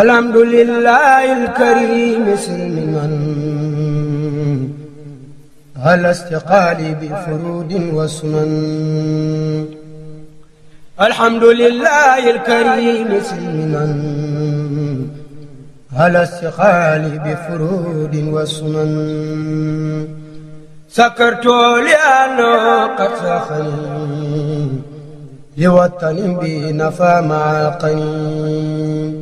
alhamdulillahi alkarim silmiman ala istiqaali bi furudin wa sunan alhamdulillahi alkarim silmiman ala istiqaali bi furudin wa sunan سكرت لأنه قد سخني لوطن بي نفى مع القنين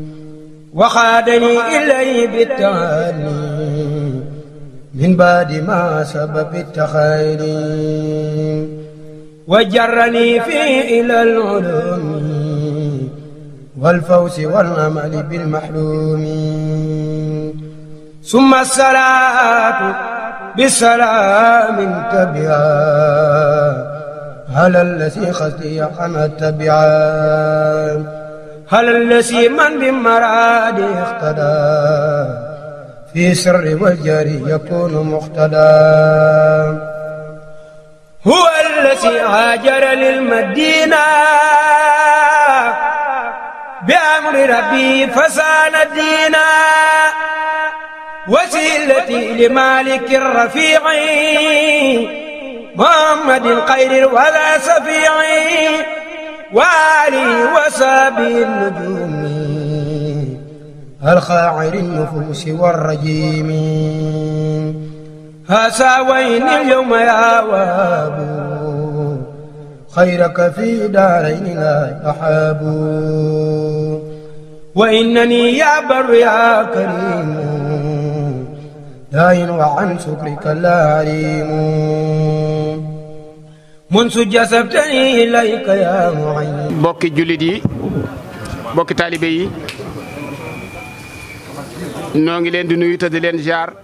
waxaadani ilay bitaani min baadi ma sababi taxayri wa jarani fi ilal ulumi wal fawsi wal amali bil mahrumi summa salaatu bisalaamin tabia ala allasi xasiya an tabia halal la si man bi maraadi ixtada fi sirri wal jari yakunu muqtada huwa allasi haajara lil madina bi amri rabbi fasaana diina wasilati li maliki rafiici muhammadin xayril wala safiici وعلي وصابي النجوم الخاعر النفوس والرجيم هساوين اليوم يا وابو خيرك في دارين لا أحاب وإنني يا بر يا كريم داين وعن شكرك لا عليم mbokki jullit yi mbokki taalibe yi noo ngi leen di nuyuta di leen jaar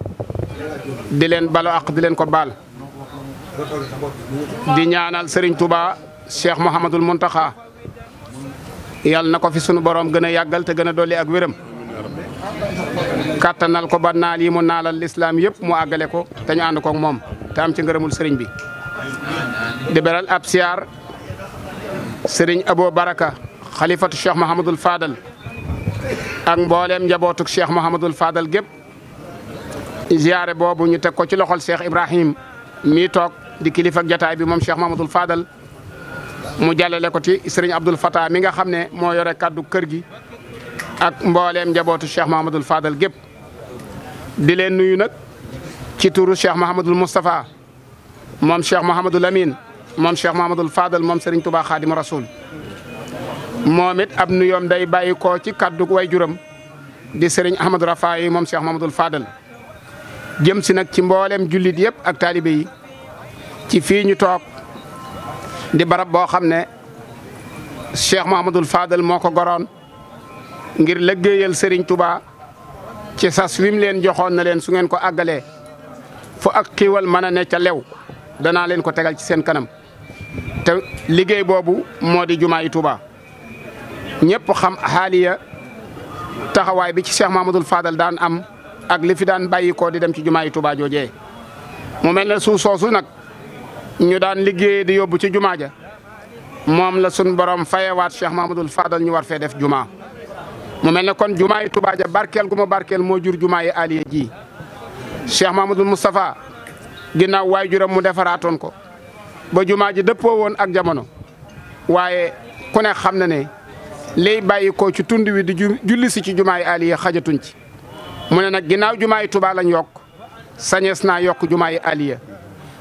di leen balo ak di leen ko baal di ñaanal sëriñ Touba Cheikh Mouhamadul Mountakha yàlla na ko fi sunu borom gën a yàggal te gën a dolli ak wéram kàttanal ko ba naal yi mu naalal lislaam yëpp mu àggale ko te ñu ànd koog moom te am ci ngërëmul sëriñ bi. di beral ab siyaar sëriñ Abo Baraka xalifatu cheikh Mouhamadul Fadal ak mboolem njabootuk cheikh Mouhamadul Fadal gépp ziyaare boobu ñu teg ko ci loxol cheikh Ibrahim mii toog di kilifa jataay bi moom cheikh Mouhamadul Fadal mu jàllale ko ci sëriñ Abdul Fatah mi nga xam ne moo yore kaddu kër gi ak mboolem njabootu cheikh Mouhamadul Fadal gépp di leen nuyu nag ci turu cheikh Mouhamadul Moustapha moom cheikh Mouhamadul Amin moom Cheikh Mamadou Fadal moom Serigne Touba Khadim Rasoul moom it ab nuyoom day bàyyi koo ci kaddu way juram di Serigne Ahmadou Rafaay moom Cheikh Mamadou Fadal jëm si nag ci mbooleem jullit yëpp ak taalibe yi ci fii ñu toog di barab boo xam ne Cheikh Mamadou Fadal moo ko goroon ngir lëggéeyal sëriñ tubaa ci sas wi leen joxoon na leen su ngeen ko àggalee fu ak xiiwal mën a ne ca lew danaa leen ko tegal ci seen kanam. te liggéey boobu moo di jumaay Touba ñëpp xam xaaliya taxawaay bi ci Cheikh Mahmadul Fadal daan am ak li fi daan bàyyi ko di dem ci jumaay Touba joojee mu mel ne suuf soosu nag ñu daan liggéey di yóbbu ci jumaa ja moom la sun borom fayewaat Cheikh Mahmadul Fadal ñu war fee def jumaa mu mel ne kon jumaa yi Touba ja barkeel gu ma barkeel moo jur jumaa yi Aliya ji Cheikh Mahmadul Moustapha ginnaaw waajuram mu defaraatoon ko ba jumaa ji dëppoo woon ak jamono waaye ku ne xam na ne liy bàyyi ko ci tund di julli si ci jumaa yi aliya xajatuñ ci mu ne nag ginnaaw jumaa yi Tuubaa lañ yokk sañees naa yokk jumaa yi aliya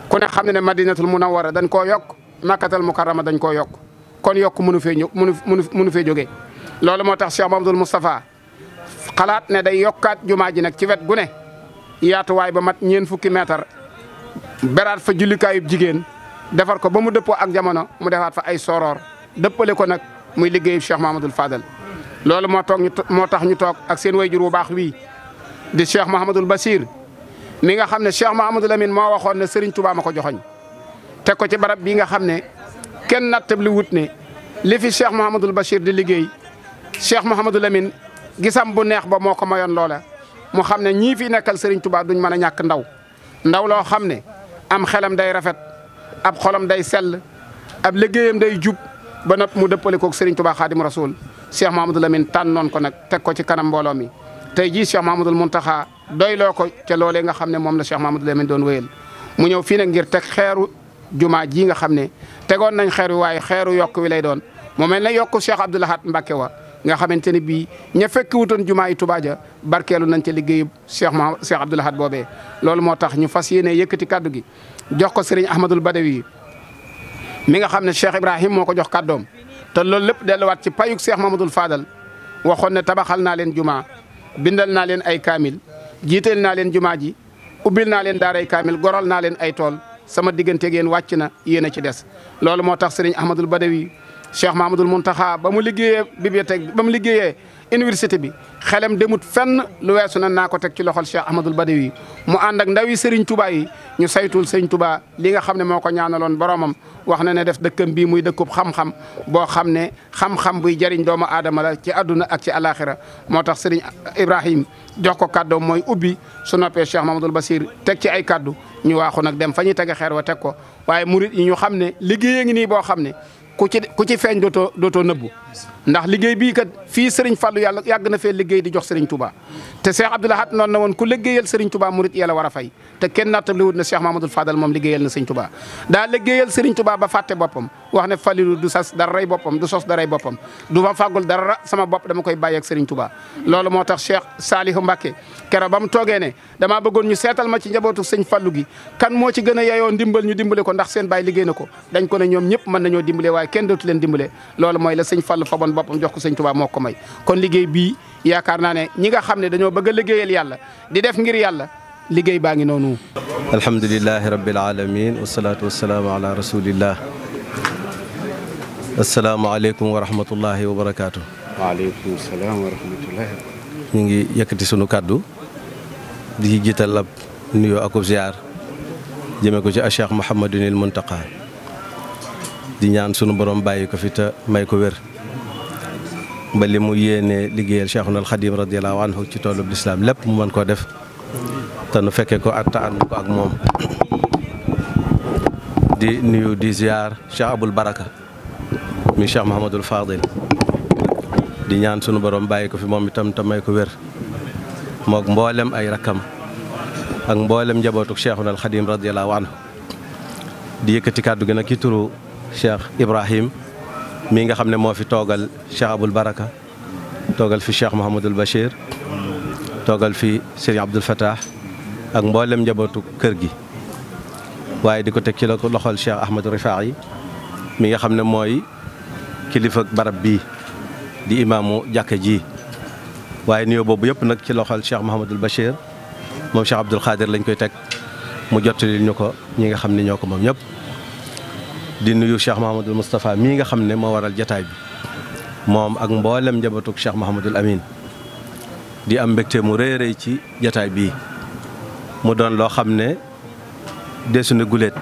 ku ne xam na ne madinatul munawwara dañ koo yokk makkatal mukarrama dañ koo yokk kon yokk mënu fee ñëw mënu mënu mënu fee jógee loolu moo tax Cheikh Mamadul Moustapha xalaat ne day yokkaat jumaa ji nag ci wet gu ne yaatuwaay ba mat ñeen fukki mètre beraat fa jullikaayu jigéen defar ko ba mu dëppoo ak jamono mu defaat fa ay soroor dëppale ko nag muy liggéeyu Cheikh Mahamadul Fadal loolu moo toog ñu moo tax ñu toog ak seen wayjur bu baax wii di Cheikh Mahamadul Basir mi nga xam ne Cheikh Mahamadul Amin moo waxoon ne Serigne Touba ma ko joxoñ te ko ci barab bii nga xam ne kenn nattabli wut ne li fi Cheikh Mahamadul Bachir di liggéey Cheikh Mahamadul Amin gisam bu neex ba moo ko mayoon loole mu xam ne ñii fi nekkal Serigne Touba duñ mën a ñàkk ndaw ndaw loo xam ne am day rafet ab xolam day sell ab liggéeyam day jub ba nopp mu dëppale koog Serigne Touba Khadim Rasoul Cheikh Mahamadou Lamine noon ko nag teg ko ci kanam mbooloo mi tey jii Cheikh Mahamadou Mountakha doyloo ko ca loolee nga xam ne moom la Cheikh Mahamadou Lamine doon wéyal mu ñëw fii nag ngir teg xeeru jumaa ji nga xam ne tegoon nañ xeer wi waaye xeeru yokk wi lay doon mu mel ne yokku Cheikh Abdoul Ahad Mbacké wa nga xamante ni bii ña fekk jumaa yi Touba ja barkeelu nañ ca liggéeyu Cheikh Mahamadou Cheikh Abdoul boobee loolu moo tax ñu fas yéene yëkkati kaddu gi jox ko sëriñ Ahmadul Badawi mi nga xam ne Cheikh Ibrahim moo ko jox kàddoom te loolu lépp delluwaat ci payuk Cheikh Mamadul Fadal waxoon ne tabaxal naa leen jumaa bindal naa leen ay kaamil jiiteel naa leen juma ji ubbil naa leen daaray kaamil gorol naa leen ay tool sama digganteeg yéen wàcc na yéen a ci des loolu moo tax sëriñ Ahmadul Badawi Cheikh Mahamadul Muntaxa ba mu liggéeyee bibliothèque ba mu liggéeyee université bi xelam demut fenn lu weesu na naa ko teg ci loxol Cheikh Ahmadul Badawi mu ànd ak ndaw yi Serigne Touba yi ñu saytul Serigne Touba li nga xam ne moo ko ñaanaloon boromam wax na ne def dëkkam bii muy dëkkub xam-xam boo xam ne xam-xam buy jëriñ doomu aadama la ci àdduna ak ci alaxira moo tax Serigne Ibrahim jox ko kàddoom mooy ubbi su noppee Cheikh Mahamadul Basir teg ci ay kaddu ñu waaxu nag dem fa ñuy tege xeer wa teg ko waaye murit yi xam ne liggéey ngi nii boo xam ne ku ci ku ci feeñ dootoo dootoo nëbbu ndax liggéey bii kat fii Serigne Fallou yàlla yàgg na fee liggéey di jox Serigne tuba te Cheikh Abdoul Ahad noonu na woon ku liggéeyal Serigne Touba murit yàlla war a fay te kenn naatable wut na Cheikh Mamadou Fadal moom liggéeyal na Serigne Touba daa liggéeyal Serigne Touba ba fàtte boppam wax ne falilu du sas dara ray boppam du sos dara ray boppam du ma fàggul dara sama bopp dama koy bàyyi ak Serigne Touba loolu moo tax Cheikh Salihu Mbacke keroog ba mu toogee ne damaa bëggoon ñu seetal ma ci njabootu sëñ Fallu gi kan moo ci gën a yeyoo ndimbal ñu dimbale ko ndax seen bay liggéey na ko dañ ko ne ñoom ñëpp mën nañoo dimbale waaye kenn dootu leen dimbale loolu mooy la sëñ Fallu faboon boppam jox ko sëñ Touba moo ko may kon liggéey bii yaakaar naa ne ñi nga xam ne dañoo bëgg liggéeyal yàlla di def ngir yàlla liggéey baa ngi noonu alhamdulilahi rabbil alamin wasalaatu wasalaamu ala rasulillah asalaamaaleykum wa rahmatullahi wa barakaatu. ñu ngi yëkkati sunu kàddu di jiital ab nuyoo akub ziar jëmee ko ci a Cheikh Mouhamadunil Muntaqa di ñaan sunu borom bàyyi ko fi te may ko wér. ba li mu yéenee liggéeyal Cheikhul Xadim radiyallahu anhu ci toolub lislaam lépp mu mën koo def te nu fekkee ko ak ta ànd ko ak moom di nuyu di ziar Cheikh Abul Baraka. mi Cheikh Mahamadul Fadil di ñaan sunu borom bàyyi ko fi moom itam te may ko wér mook mboolem ay rakkam ak mboolem njabootuk Cheikhuna al Xadim radiyallahu di yëkkati kàddu gi nag ki turu Cheikh Ibrahim mii nga xam ne moo fi toogal Cheikh Abul Baraka toogal fi Cheikh Mahamadul Bachir toogal fi Serigne Abdul Fatah ak mboolem njabootu kër gi waaye di ko teg ci ko loxol Cheikh Ahmadou Rifaayi mi nga xam ne mooy kilifa barab bii di imaamu jàkka ji waaye nuyoo boobu yëpp nag ci loxol Cheikh Mouhamadul Bachir moom Cheikh Abdoul Khadir lañ koy teg mu jottali ñu ko ñi nga xam ne ñoo ko moom ñëpp. di nuyu Cheikh Mouhamadul Moustapha mii nga xam ne moo waral jataay bi moom ak mboolem njabootug Cheikh Mouhamadul Amin di am mbégte mu rëy rëy ci jataay bii mu doon loo xam ne desu na guléet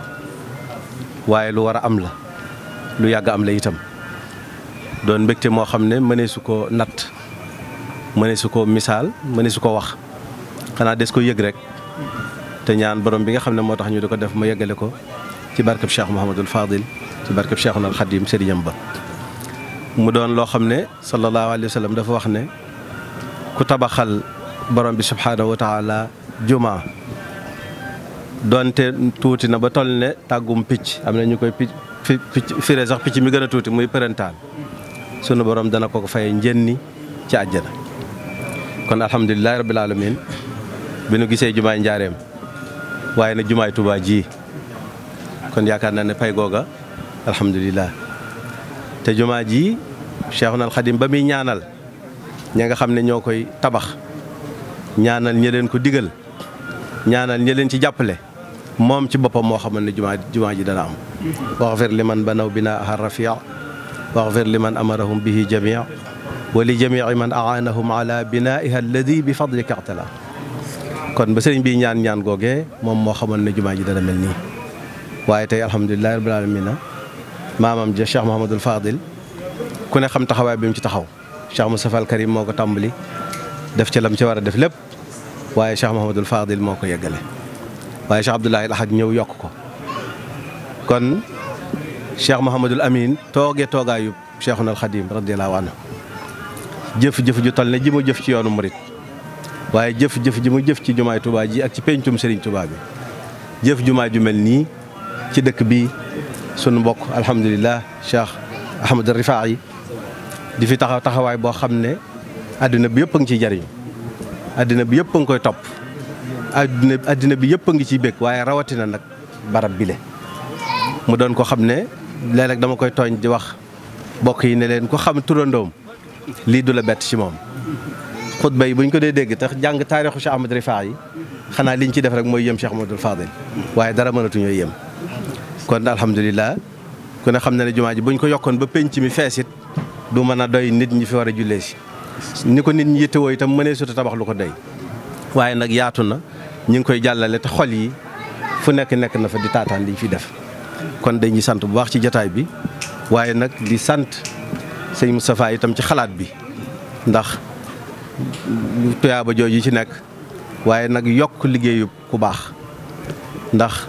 waaye lu war a am la lu yàgg am la itam. doon mbégte moo xam ne mënee su ko natt mënee su ko misaal mënee su ko wax xanaa des ko yëg rek te ñaan borom bi nga xam ne moo tax ñu di ko def ma yeggale ko ci barkeb Cheikh Mouhamadul Fadil ci barkeb Cheikhul Khadim sëriñam ba mu doon loo xam ne sallallahu alayhi wa sallam dafa wax ne ku tabaxal borom bi subhaanahu wa taala jumaa doonte tuuti na ba toll ne tàggum picc am na ñu koy picc firee sax picc mi gën tuuti muy përantaan sunu borom dana ko ko fay ni ci àjjana kon alhamdulilahi rabbil alamin bi nu gisee jumaay njaareem waaye nag jumaay Tuubaa ji kon yaakaar naa ne pay googa alhamdulilah te jumaa ji Cheikhul Khadim ba muy ñaanal ña nga xam ne ñoo koy tabax ñaanal ña ko digal ñaanal ña ci jàppale moom ci boppam moo xamal ne jumaa jumaa ji dana am waxafir liman na binaaha rafia waxfir liman amarahum bihi jamiican wa li jamiici man acaanahum ala binaa'iha alladi bi fadlika ictala kon ba sëriñ bi ñaan ñaan googee moom moo xamoon ne jumaa ji dana mel nii waaye tey alhamdulilahi rabbil aalamiina maamam ja Cheikh Mouhamadul Fadil ku ne xam taxawaay bi mu ci taxaw Cheikh Moustapha al Karim moo ko tàmbali def ci lam ci war a def lépp waaye Cheikh Mouhamadul Fadil moo ko yeggale waaye Cheikh Abdoulahi al Ahad ñëw yokk ko kon cheikh Mouhamadul Amin toogee toogaayu cheikhuna al Xadim radiyallahu anhu jëf jëf ju toll ne ji mu jëf ci yoonu murit waaye jëf jëf ji mu jëf ci jumaay Touba ji ak ci pencum Serigne Touba bi jëf jumaa ju mel nii ci dëkk bi sunu mbokk alhamdulilah cheikh Ahmad Rifaa yi di fi taxaw taxawaay boo xam ne àddina bi yëpp a ngi ciy jariñu addina bi yëpp a ngi koy topp addina addina bi yëpp a ngi ciy bég waaye rawatina nag barab bile mu doon ko xam ne léeg-léeg dama koy tooñ di wax bokk yi ne leen ko xam turandoom lii du la bett ci moom xutba yi buñ ko dee dégg tax jàng taarixu Cheikh Ahmad Rifa yi xanaa li ñu ci def rek mooy yëm Cheikh Ahmadul Fadil waaye dara mënatuñoo yëm kon alhamdulilah ku ne xam na ne jumaa ji buñ ko yokkoon ba penc mi fees du mën a doy nit ñi fi war a jullee si ni ko nit ñi yittewoo itam mënee suta tabax lu ko doy waaye nag yaatu na ñu ngi koy jàllale te xol yi fu nekk nekk na fa di taataan liñ fi def kon dañuy sant bu baax ci jataay bi waaye nag di sant sëñ Moustapha itam ci xalaat bi ndax tuyaaba jooju ci nekk waaye nag yokk liggéeyu ku baax ndax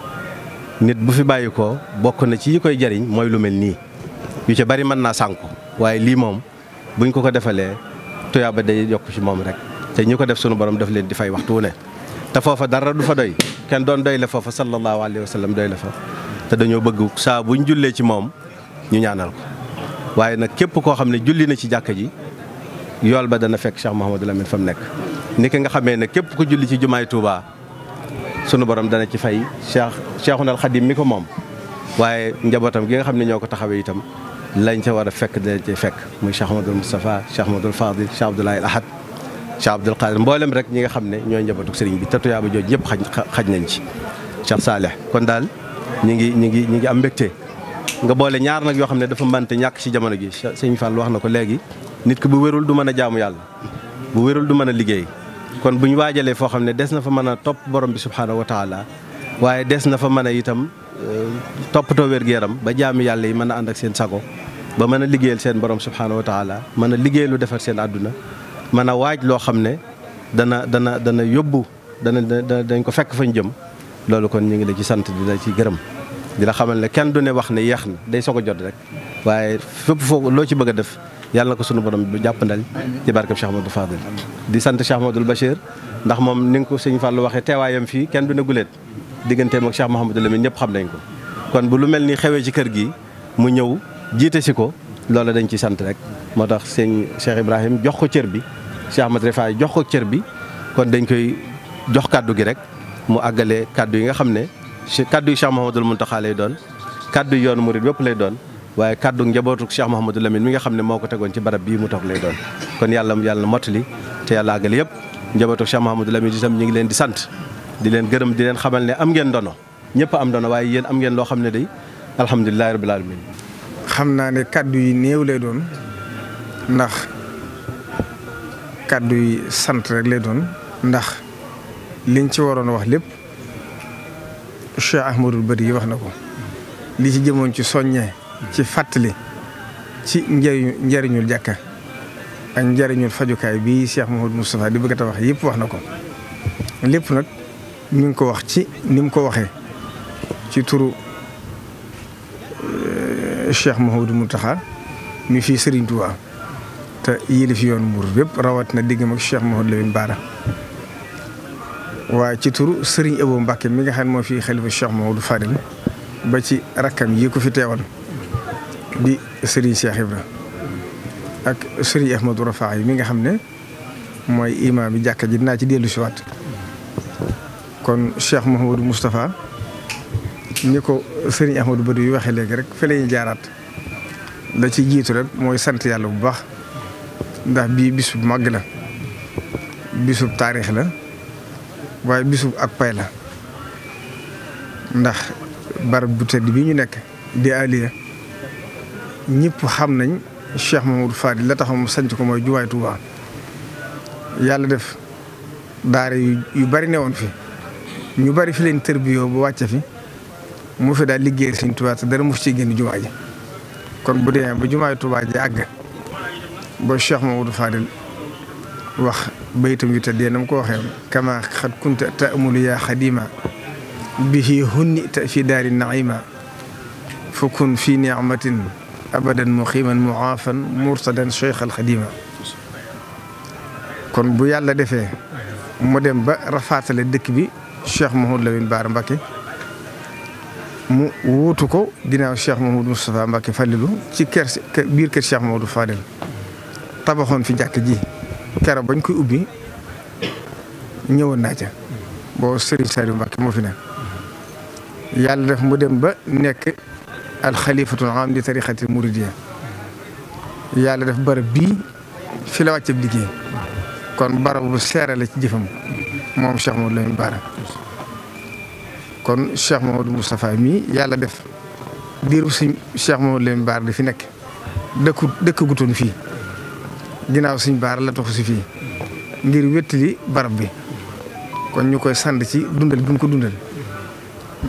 nit bu fi bàyyi ko bokk na ci yi koy jariñ mooy lu mel nii yu ci bari mën naa sànku waaye lii moom buñ ko ko defalee tuyaaba day yokk ci moom rek te ñu ko def sunu borom daf leen di fay waxtu wu ne te foofa dara du fa doy kenn doon doy la foofa sallallahu alayhi wa sallam doy la fa te dañoo bëgg saa bu ñu jullee ci moom ñu ñaanal ko waaye nag képp koo xam ne julli na ci jàkka ji yool ba dana fekk Cheikh Mouhamadou Lamine fa mu nekk. ni ki nga xamee ne képp ku julli ci jumaay Touba sunu borom dana ci fay Cheikh Cheikhoul Khadim mi ko moom waaye njabootam gi nga xam ne ñoo ko taxawee itam lañ ca war a fekk dana ci fekk muy Cheikh Mouhamadoul Moustapha Cheikh Mouhamadoul Fadil Cheikh Abdoulaye Ahad Cheikh Abdoul Qadir mboolem rek ñi nga xam ne ñooy njabootu sëriñ bi te tuyaaba jooju ñëpp xaj xaj nañ ci Cheikh Saleh kon daal. ñu ngi ñu ngi ñi ngi am mbégte nga boole ñaar nag yoo xam ne dafa mbante ñàkk ci jamono gi sëñ Fall wax na ko léegi nit ki bu wérul du mën a jaamu yàlla bu wérul du mën a liggéey kon bu ñu waajalee foo xam ne des na fa mën a topp borom bi subhaanahu wa taala waaye des na fa mën a itam euh, toppatoo wér-gu-yaram ba jaamu yàlla yi mën a ànd ak seen sago ba mën a liggéeyal seen borom subhaanahu wa taala mën a liggéey lu defar seen àdduna mën a waaj loo xam ne dana dana dana yóbbu dana dañ ko fekk fañ jëm loolu kon ñu ngi la ci sant di lañ ci gërëm di la xamal ne kenn du ne wax ne yeex na day soog jot rek waaye fépp foo loo ci bëgg def yàlla ko sunu borom jàppandal ci barkeb Cheikh Amadou Fadil di sant Cheikh Amadou Bachir ndax moom ni nga ko sëñ Fallou waxee teewaayam fii kenn du ne guleet digganteem ak Cheikh Mouhamadou Lamine ñëpp xam nañ ko kon bu lu mel ni xewee ci kër gi mu ñëw jiite si ko loola dañ ci sant rek moo tax sëñ Cheikh Ibrahim jox ko cër bi Cheikh Ahmad Refaay jox ko cër bi kon dañ koy jox kàddu gi rek mu àggale kàddu yi nga xam ne kàddu yi Cheikh Mouhamadul Mountakha lay doon yoon mu murid bépp lay doon waaye kàddu njabootu Cheikh Mouhamadul Lamine mi nga xam ne moo ko tegoon ci barab bii mu toog lay doon kon yàlla yàlla mottali te yàlla àggale yëpp njabootu Cheikh Mouhamadul Lamine itam ñu ngi leen di sant di leen gërëm di leen xamal ne am ngeen dono ñëpp am dono waaye yéen am ngeen loo xam ne day alhamdulilahi rabbil alamin xam naa ne kàddu yi néew lay doon ndax kàddu yi sant rek lay doon liñ ci waroon wax lépp Cheikh Ahmadul Bari yi wax na ko li ci jëmoon ci soññee ci fàttali ci njëriñu njëriñul jàkka ak njëriñul fajukaay bi Cheikh Mouhamadou Moustapha di bëgg a tabax yëpp wax na ko lépp nag ñu ngi ko wax ci ni mu ko waxee ci turu euh, Cheikh Mouhamadou Mountakha mi fii Serigne Touba te yéeli fi yoon muur bépp rawat na digg mag Cheikh Mouhamadou Lamine Bara waaye ci turu Serigne Ebo Mbacke mi nga xam ne moo fi xalifa Cheikh Maodo Fadil ba ci rakkam yi ko fi teewal di Serigne Cheikh Ibra ak Serigne Ahmadou Rafa mi nga xam ne mooy imaam bi jàkka ji dinaa ci dellu si waat kon Cheikh Mouhamadou Moustapha ni ko Serigne Ahmadou Badou yu waxee léegi rek fa la jaaraat la ci jiitu rek mooy sant yàlla bu baax ndax bii bisub màgg la bisu taarix la. waaye bisub ak pay la ndax barab bu tëdd bi ñu nekk di aliya ñëpp xam nañ Cheikh Mamadou Fadil la taxaw mu sanc ko mooy jumaay Tuubaa yàlla def daara yu bari ne woon fi ñu bari fi leen tërbiyoo bu wàcce fi mu fi daal liggéey Sëriñ Tuubaa te dara mu ci génn jumaa ji kon bu demee ba jumaay Tuubaa ji àgg ba Cheikh Mamadou Fadil wax baytam yu tëddee na mu ko waxee kama xad kunta taamulu yaa xadima bihi hunnita fi daari naima fa kun fi nicmatin abadan muqiman muaafan murtadan cheikh alxadima kon bu yàlla defee mu dem ba rafaatale dëkk bi cheikh Mahmoud Lamine Baara Mbacke mu wuutu ko ginnaaw cheikh Mahmoud Moustapha Mbacke Fallilu ci kër biir kër cheikh Mahmoud tabaxoon fi jàkk ji kero bañ koy ubbi ñëwoon naa ca boo Serigne Saliou Mbacké moo fi ne yàlla def mu dem ba nekk alxalifatul am di tarixati muridiya yàlla def barab bii fi la wàcceb liggéey kon barab bu seere la ci jëfam moom Cheikh Mamadou Lamine Bara kon Cheikh Mamadou Moustapha mii yàlla def diiru suñ Cheikh Mamadou Lamine Bara di fi nekk dëkku dëkk gutoon fii ginnaaw siñ baar la toxu si fii ngir wéttali barab bi kon ñu koy sant ci dundal bi mu ko dundal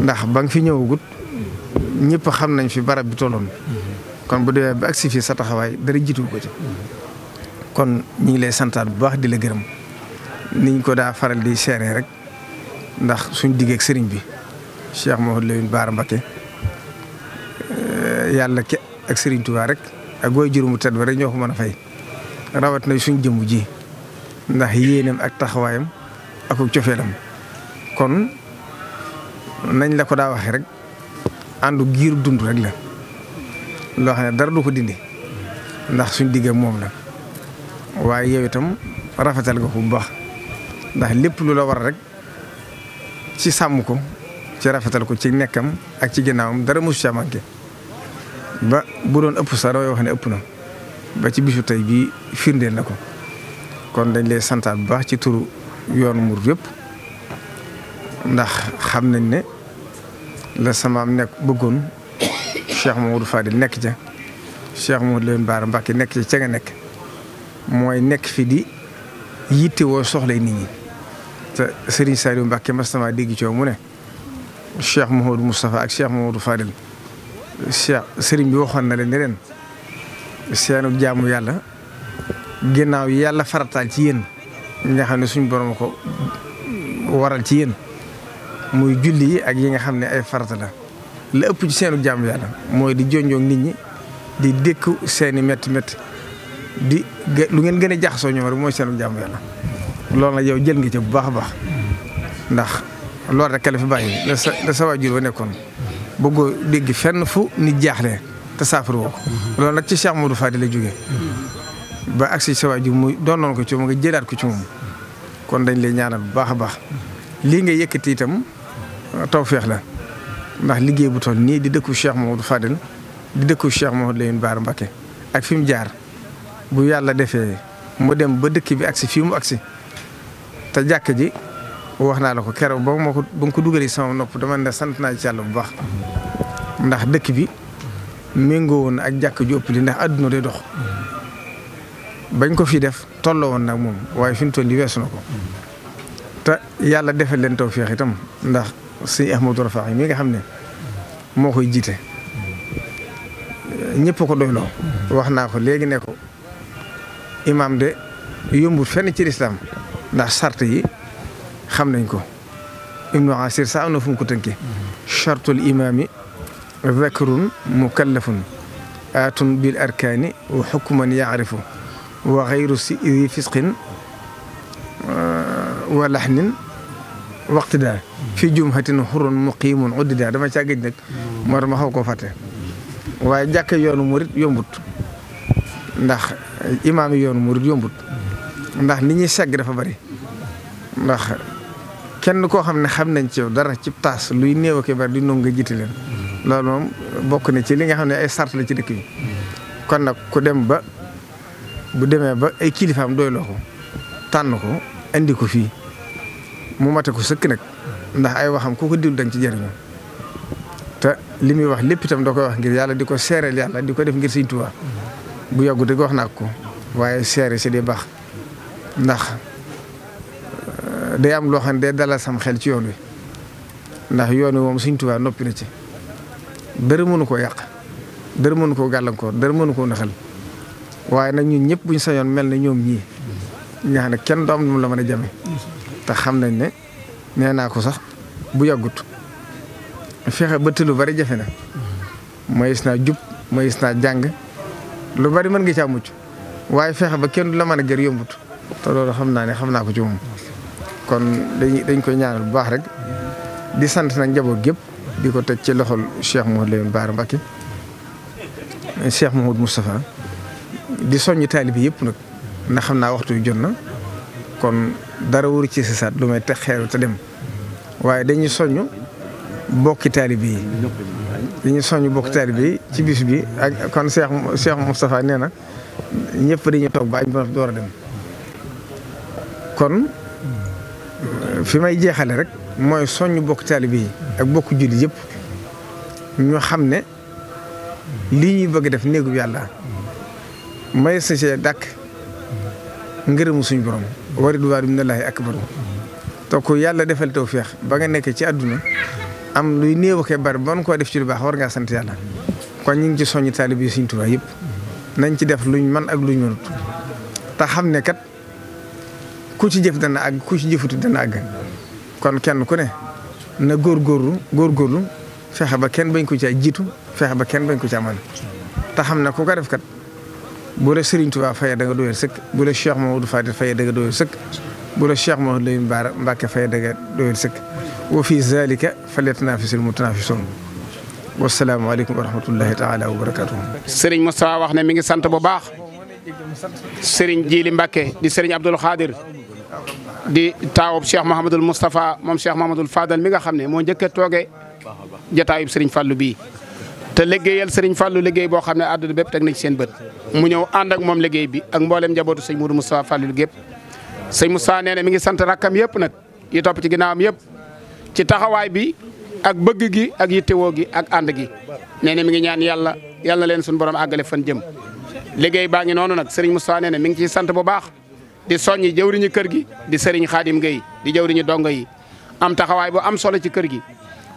ndax ba nga fi ñëwagut ñëpp xam nañ fi barab bi tolloon kon bu demee ba agsi fii sa taxawaay dara jiitu ko ci kon ñu ngi lay santaat bu baax di la gërëm niñ ko daa faral di seeree rek ndax suñ diggeek sëriñ bi Cheikh Mouhamadou Lamine Bara Mbacké eh, yàlla ke ak sëriñ Tuubaa rek ak gooy juróomu tedd ba rek ñoo ko mën a fay rawat na suñ jëmm ji ndax yéenam ak taxawaayam ak cofeelam kon nañ la ko daa waxee rek àndu giiru dund rek la loo xam ne dara du ko dindi ndax suñ digg moom la waaye yow itam rafetal nga ko bu baax ndax lépp lu la war rek ci sàmm ko ci rafetal ko ci nekkam ak ci ginnaawam dara mosu ca manqué ba bu doon ëpp sax damay wax ne ëpp na ba ci bisu tey bii firndeel na ko kon dañ lay santaat bu baax ci turu yoon mur yëpp ndax xam nañ ne la samaam nekk bëggoon Cheikh Mamadou Fadil nekk ca Cheikh Mamadou Lamine Bara nekk ca ca nga nekk mooy nekk fi di yitte woo soxlay nit ñi te Serigne Saliou Mbacké mas na mu dégg coow mu ne Cheikh Mamadou ak Cheikh Mamadou Fadil Cheikh Serigne bi waxoon na leen ne seenu jaamu yàlla ginnaaw yàlla farataal ci yéen nga xam ne suñ borom ko waral ci yéen muy julli yi ak yi nga xam ne ay farata la la ëpp ci seenu jaamu yàlla mooy di jonjoog nit ñi di dékku seeni métti métti di lu ngeen gën a jaxasoo ñoom rek mooy seenu jaamu yàlla loolu nag yow jël nga ci bu baax a baax ndax loolu rek la fi bàyyi la sa la sa waajur wa nekkoon bëggoo dégg fenn fu nit jaaxle te saafara woo ko loolu nag ci Cheikh Modou Fadi la jógee ba agsi sa waajur mu doonoon ko ci moom nga jëlaat ko ci moom kon dañ lay ñaanal bu baax a baax lii nga yëkkati itam uh, taw feex la ndax liggéey bu toll nii di dëkku Cheikh Modou Fadil di dëkku Cheikh Modou Lamine Bara ak fi mu jaar bu yàlla defee mu dem ba dëkk bi agsi fii mu agsi te jàkk ji wax naa la ko keroog ba ma ko ba nga ko dugalee sama nopp dama ne sant naa ci yàlla bu baax ndax dëkk bi. méngoo woon ak jàkk ju ëpp li ndax àdduna day dox bañ ko fi def tolloo woon nag moom waaye fi mu toll nii ko te yàlla defel leen tawféex itam ndax sëñ Ahmadou Rafahi mi nga xam ne moo koy jiite ñëpp ko doyloo wax naa ko léegi ne ko imaam de yombul fenn ci lislaam ndax sart yi xam nañ ko ibnu asir sa am na fu ko tënkee chartul imaam yi zakarun mukallafun aatun bil arkaani wa xukman yaarifu wa xayru si iri fisqin ah, wa laxnin waxti daal jumhatin xurun muqiimun uddi daal dama caa gëj nag ma xaw koo fàtte waaye jàkka yoonu murit yombut ndax imaam yi yoonu murit yombut ndax ni ñuy segg dafa bari ndax kenn koo xam ne xam nañ ci dara ci taas luy néew ak bari di noonu nga jiite leen loolu moom bokk na ci li nga xam ne ay sart la ci dëkk bi kon nag ku dem ba bu demee ba ay kilifaam doyloo ko tànn ko indi ko fii mu mate ko sëkk nag ndax ay waxam ku ko déglu da ci jëriñu te li muy wax lépp tam da koy wax ngir yàlla di ko seereel yàlla di ko def ngir Sëñ Tuubaa bu yàggu dëgg wax naa ko waaye seere si di baax ndax euh, day am loo xam ne day dalal sam xel ci yoon wi ndax yoon wi moom Sëñ Tuubaa noppi na ci. dara mënu koo yàq dara mënu koo gàllankoor dara mënu koo naxal waaye nag ñun ñëpp buñ sañoon mel na ñoom ñii nga kenn doom mu la mën a jame te xam nañ ne nee naa ko sax bu yàggut fexe ba lu bari jafe na mayis naa jub mayis naa jàng lu bari mën nga caa mucc waaye fexe ba kenn du la mën a gër yombut te xam naa ne xam naa ko ci moom kon dañ dañ koy ñaanal bu baax rek di sant nañ njaboot gépp di ko teg ci loxol Cheikh Mouhamadou Lamine Bara Mbacké Cheikh di soññ taalibe yëpp nag na xam naa waxtu jot na kon dara wër ci sasaat lu may teg xeeru te dem waaye dañuy soññ bokki taalibe yi dañuy soññ bokki taalibe yi ci bis bi ak kon Cheikh Cheikh Moustapha nee na ñëpp dañuy toog ba añ ba door a dem kon fi may jeexale rek mooy soññ bokk taalibe yi ak bokk julli yépp ñoo xam ne lii ñuy bëgg def néegu bi yàlla may sa see dàkk ngërëmu suñu borom wari duwaar bi minallaahi akbar te ku yàlla defal feex ba nga nekk ci àdduna am luy néew ak ba bon koo def ci lu baax war ngaa sant yàlla kon ñu ngi ci soññ taalibe yi suñ Tuubaa yëpp nañ ci def luñ man ak luñ mënut te xam ne kat ku ci jëf dana àgg ku ci jëfutu dana àgg kon kenn ku ne na góorgóorlu góorgóorlu fexe ba kenn bañ ko ca jiitu fexe ba kenn bañ ko caa mën te xam ne ku ko def kat bu la Serigne Touba fayee da nga doyal sëkk bu la Cheikh Mamadou Fadil da nga doyal sëkk bu la Cheikh Mamadou Lamine Bara Mbacké fayee da nga fi zalika falyatanafisul mutanafisun wasalaamaaleykum wa rahmatullahi taala wa barakatuh Serigne Moustapha wax ne mi ngi sant bu baax Serigne Djili Mbacké di Serigne Abdoul Khadir di taawub Cheikh Mouhamadul Moustapha moom Cheikh Mouhamadul Fadal mi nga xam ne moo njëkk a toogee jataayub Serigne Fallou bii. te liggéeyal Serigne Fallou liggéey boo xam ne àdduna bépp teg nañ ci seen bët mu ñëw ànd ak moom liggéey bi ak mboolem njabootu sëñ Mourou Moustapha Fallou gépp sëñ Moustapha nee na mi ngi sant rakkam yëpp nag yi topp ci ginnaawam yëpp ci taxawaay bi ak bëgg gi ak yittewoo gi ak ànd gi nee na mi ngi ñaan yàlla yàlla na leen suñu borom àggale fan jëm liggéey baa noonu nag Serigne Moustapha nee mi ngi ciy sant bu baax. di soññi jëwriñu kër gi di sëriñ xaadim Gueye di jëwriñu dongo yi am taxawaay bu am solo ci kër gi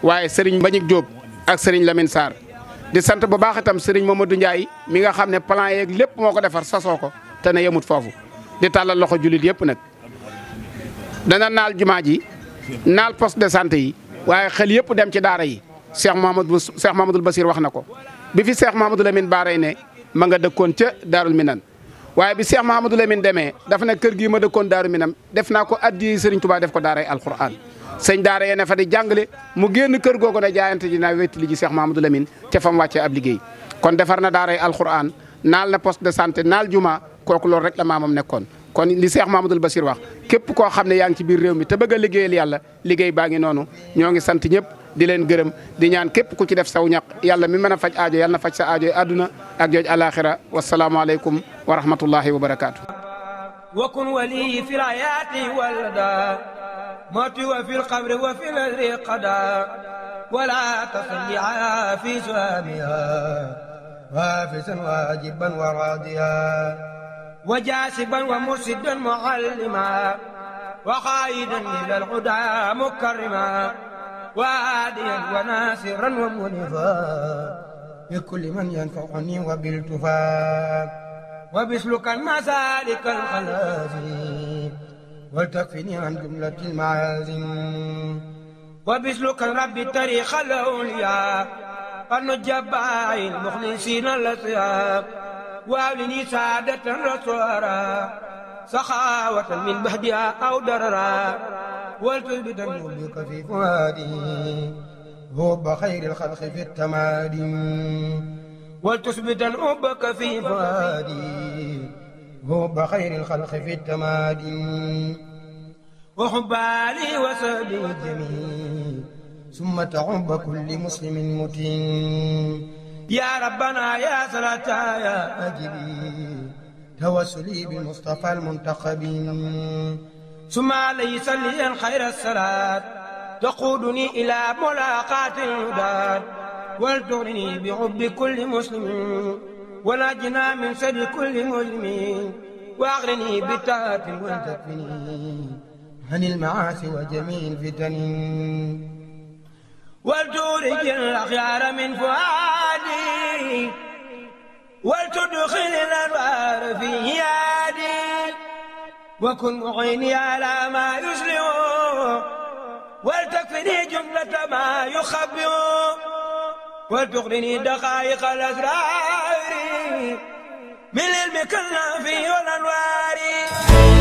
waaye sëriñ Mbagnick Diop ak sëriñ Lamine Sarr di sant bu baax itam sëriñ Mamadou Ndiaye mi nga xam ne palan yeeg lépp moo ko defar sasoo ko te ne yemut foofu di tàllal loxo jullit yëpp nag dana naal jumaa ji naal poste de sant yi waaye xel yëpp dem ci daara yi Cheikh Mahamadou Cheikh Mahamadou Basir wax na ko bi fi Cheikh Mahamadou Lamine Baaray ne ma nga dëkkoon ca Daarul Minan waaye bi Cheikh Mahamadou Lamine demee dafa ne kër gi ma dëkkoon daaru minam def naa ko addi Serigne Touba def ko daaray alquran sëñ daara yee ne fa di jàngale mu génn kër googu ne jaayante ji naa wetti li ji Cheikh Mahamadou Lamine ca fa mu wàccee ab liggéey kon defar na daaray alquran naal na poste de santé naal juma kooku loolu rek la maamam nekkoon kon li Cheikh Mahamadou Bassir wax képp koo xam ne yaa ngi ci biir réew mi te bëgg a liggéeyal liggéey baa ngi noonu ñoo ngi sant ñëpp di leen gërëm di ñaan képp ku ci def saw ñaq yàlla mi mën a faj aajo yàlla na faj sa aajo yi àdduna ak jooj alaaxira wasalaamualeykum wa rahmatullahi wa barakaatu. وكن ولي في الحياة والدا موت وفي القبر وفي الرقدا ولا تصلي على في سهامها وافسا واجبا وراضيا وجاسبا ومرشدا معلما وقائدا للهدى مكرما وعاديا وناصرا ومنيفا بكل من ينفعني وبالتفا وبسلك المسالك الخلازي ولتكفني عن جملة المعازم وبسلك رب تاريخ الأولياء النجباء المخلصين الأصياب وأولني سعادة رسورا سخاوة من بهدها أو دررا والتوب تنجو بك في فؤادي حب خير الخلق في التمادي ولتثبت حبك في فؤادي حب خير الخلق في التمادي وحب علي وسبي الجميع ثم تحب كل مسلم متين يا ربنا يا صلاة يا أجبي توسلي بالمصطفى المنتخب suma lay salliyan xayra salaat taquduni ila mulaqaatil hudaat wal turini bi hubbi kulli muslimin wala jina min sadi kulli mujrimin waaxrini bi taatin wal takfini عن المعاصي وجميع الفتن ولتورج الأخيار من فؤادي ولتدخل الأنوار في هيادي وكن معيني على ما يسلم ولتكفني جملة ما يخبئ ولتغنني دقائق الأسرار من علمك النافي والأنوار